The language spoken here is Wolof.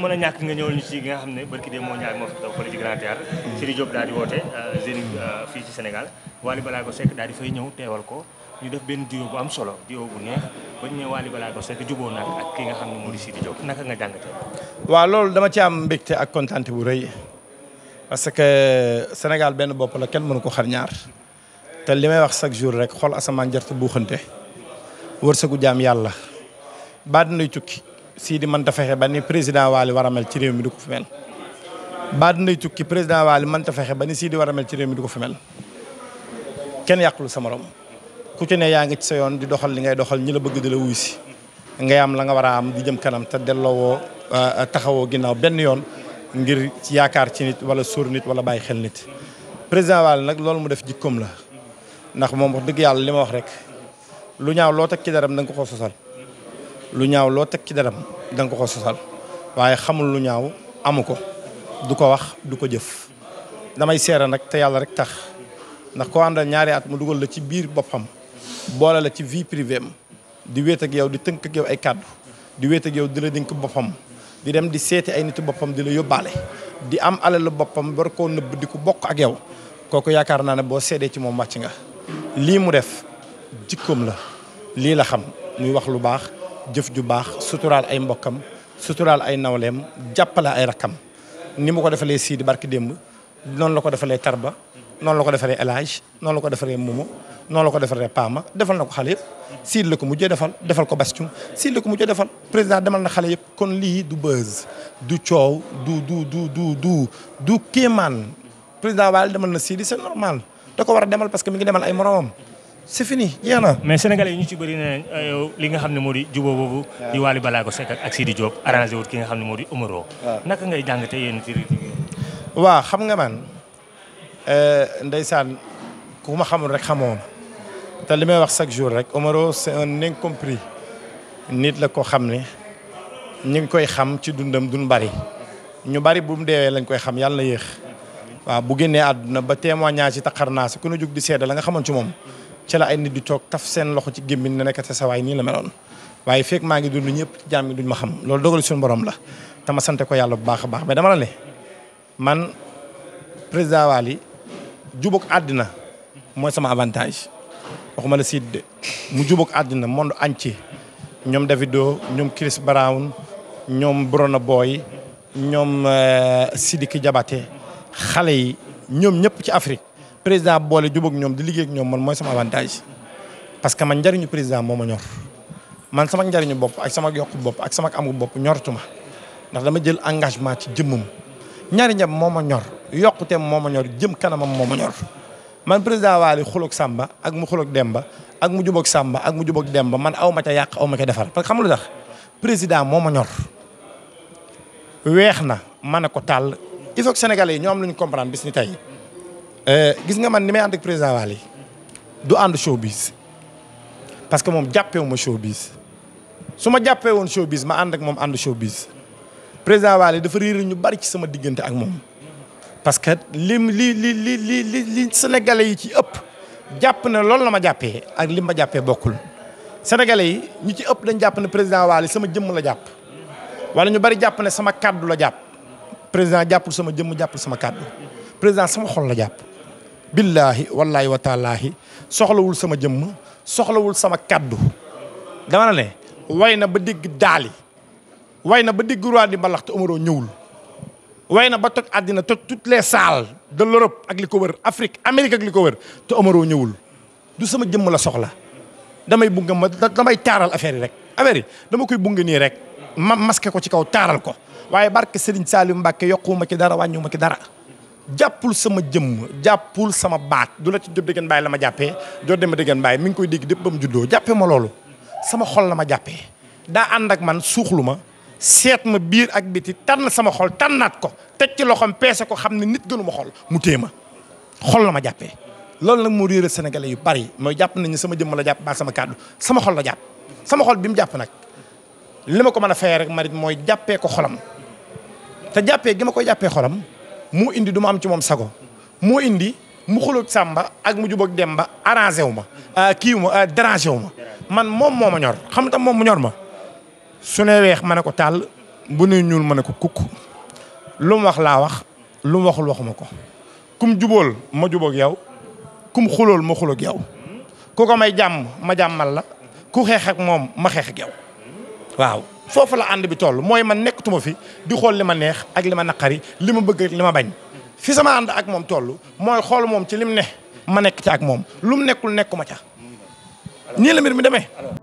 mën a ñàkk nga ñëwal ñu ci nga xam barki dee moo ñaay moo fi daw fële ci Grand Théâtre Sidi Diop daal di woote Zénith euh, euh, ci Sénégal daal di fay ko ñu def duo bu am solo duo bu neex ba ñu ne Wally Ballago Seck juboo nag ak ki nga xam ne di Sidi Diop naka nga jàngatee waaw loolu dama ci am mbégte ak kontaante bu rëy parce que Sénégal benn bopp la kenn mënu ko xar ñaar wax chaque jour rek nay tukki di Sidi mënta fexe ba ni président Waly war a ci réew mi du ko fi mel baat nday tukki président Waly mënta fexe ba ni Sidi war a mel ci réew mi du ko fi mel kenn yàqul sa morom ku ci ne yaa ngi ci sa yoon di doxal li ngay doxal ñi la bëgg di la wuy si ngay am la nga war a am di jëm kanam te delloowoo euh, taxawoo ginnaaw benn yoon ngir yaakaar ci nit wala sóor nit wala bàyyi xel nit président Waly nag loolu mu def jikkoom la ndax moom wax dëgg yàlla li ma wax rek lu ñaaw loo teg ci daram da nga ko ko sosal lu ñaaw loo teg ci deram da ko ko sosal waaye xamul lu ñaaw amu ko du ko wax du ko jëf damay seere nag te yàlla rek tax ndax koo àndal ñaari at mu dugal la ci biir boppam boole la ci vie privée am di wéet ak yow di tënk ak yow ay kàddu di wéet ak yow di la dénk boppam di dem di seeti ay nitu boppam di la yóbbaale di am alalu boppam war koo nëbb di ko bokk ak yow kooku yaakaar naa ne boo seedee ci moom wàcc nga lii mu def jikkoom la lii la xam muy wax lu baax jëf ju baax suturaal ay mbokkam suturaal ay nawleem jàppale ay rakkam ni mu ko defalee Sidi barki démb noonu la ko defalee Tarba noonu la ko defalee El Hadj noonu la ko defalee Momo noonu la ko defalee Paama defal na ko xale yëpp Sidi la ko mujjee defal defal ko Bastion Sidi la ko mujjee defal président demal na xale yëpp kon lii du buzz du coow du du du du du du kéemaan président Wally demal na Sidi c'est normal da ko war a demal parce que mi ngi demal c'est fini jeex mais sénégalais ñu ci bari ne euh, yow li nga xam ne moo di jubóo di Wally Ballago ak Sidi Diop arrangé wut ki nga xamné modi omoro naka ngay jàngate yéen ci wa xam nga man euh, ndeysaan ku ma xamul rek xamoo té limay wax chaque jour rek omoro c'est un incompris nit la ko xamné ñi koy xam ci dundam dun bari ñu bari bu mu déwé lañ koy xam yalla na wa bu génné aduna ba témoignage ci takarna ci ku ñu juk di sédé la nga ci ci la ay nit di toog taf seen loxo ci gémmiñ na nekkate sa sawaay nii la meloon waaye fekk maa ngi dund ñëpp jaam ñi duñ ma xam loolu dogal suñu borom la tama ma sante ko yàlla bu baax baax mais dama la ne man président Waly jubóog àddina mooy sama avantage waxuma la siid de mu jubóog àddina monde entier ñoom Davido ñoom Chris Brown ñoom Burna Boy ñoom euh, Sidiki Diabaté xale yi ñoom ñëpp ci Afrique président boole jubóog ñoom di liggéey ak ñoom man mooy sama avantage parce que man njariñu président moo ma ñor man sama njariñu bopp ak sama yokku bopp ak sama amu bopp ñortuma ndax dama jël engagement ci jëmmam ñaari ñam moo ñor yokkuteem moo ma ñor jëm kanamam moo ma ñor man président Waly xuloog Samba ak mu xuloog Demba ak mu jubóog Samba ak mu jubóog Demba man aw ma ca yàq aw ma ca defar parce que xam lu président moo ma ñor weex na mën a ko tàll il faut yi ñoo am lu ñu comprendre tey. Eh, gis nga man ni may ànd ak président Waly du ànd showbiz parce que moom jàppewu ma showbiz su ma jàppee woon showbiz ma ànd ak moom ànd showbiz président Waly dafa réer ñu bari ci sama diggante ak moom. parce que li li li li li li li sénégalais yi ci ëpp jàpp ne loolu la ma jàppee ak li ma jàppee bokul, sénégalais yi ñu ci ëpp dañ jàpp ne président Waly sama jëmm la jàpp wala ñu bari jàpp ne sama kàddu la jàpp président jàppul sama jëmm jàppul sama kàddu président sama xol la jàpp. billaahi wallaahi wa taalaahi soxlawul sama jëmm soxlawul sama kaddu dama ne way na ba dégg daali way na ba dégg roi di mbalaxte Omaro ñëwul way na ba toj addina toj toutes les salles de l'Europe ak li ko wër Afrique Amérique ak li ko wër te Omaro ñëwul du sama jëmm la soxla damay bunge ma damay taaral affaire yi rek affaire dama koy bunge nii rek ma masqué ko ci kaw taaral ko waaye barke Serigne Saliou Mbacke yokkuwuma ci dara wàññiwuma ci dara jàppul sama jëmm jàppul sama baat du la ci Diop Degen Baye la ma jàppee Diop Degen Baye mi ngi koy dégg dépp ba mu juddoo jàppee ma loolu sama xol la ma jàppee daa ànd ak man suuxlu ma seet ma biir ak biti na sama xol tànnaat ko teg ci loxoom peese ko xam ne nit gënu ma xol mu téye ma xol na ma jàppee. loolu nag moo réeré sénégalais yu bari mooy jàpp nañu sama jëmm la jàpp baa sama kàddu sama xol la jàpp sama xol bi mu jàpp nag li ma ko mën a fayee rek marit mooy jàppee ko xolam te jàppee gi ma koy jàppee xolam. mu indi du ma am ci moom sago moo indi mu xuloog Samba ak mu jubóog Demba arrangé wu ma euh, kii wu ma euh, dérangé wu ma man moom moo ma ñor xam nga tam moom mu ñor ma su ne weex ma ne ko tàll bu ne ñuul ma ne ko kukk lu wax laa wax lu mu waxul waxuma ko kum jubool ma jubóog yow kum xulool ma xuloog yow ku ko may jàmm ma jàmmal la ku xeex moom ma xeex ak yow waaw fofu la ànd bi toll moy man nekutuma fi di xol lima neex ak lima nakari lima beug ak lima bañ fi sama ànd ak mom toll moy xol mom ci lim ne ma nek ci ak mom lum nekul nekuma ca ni la mbir mi deme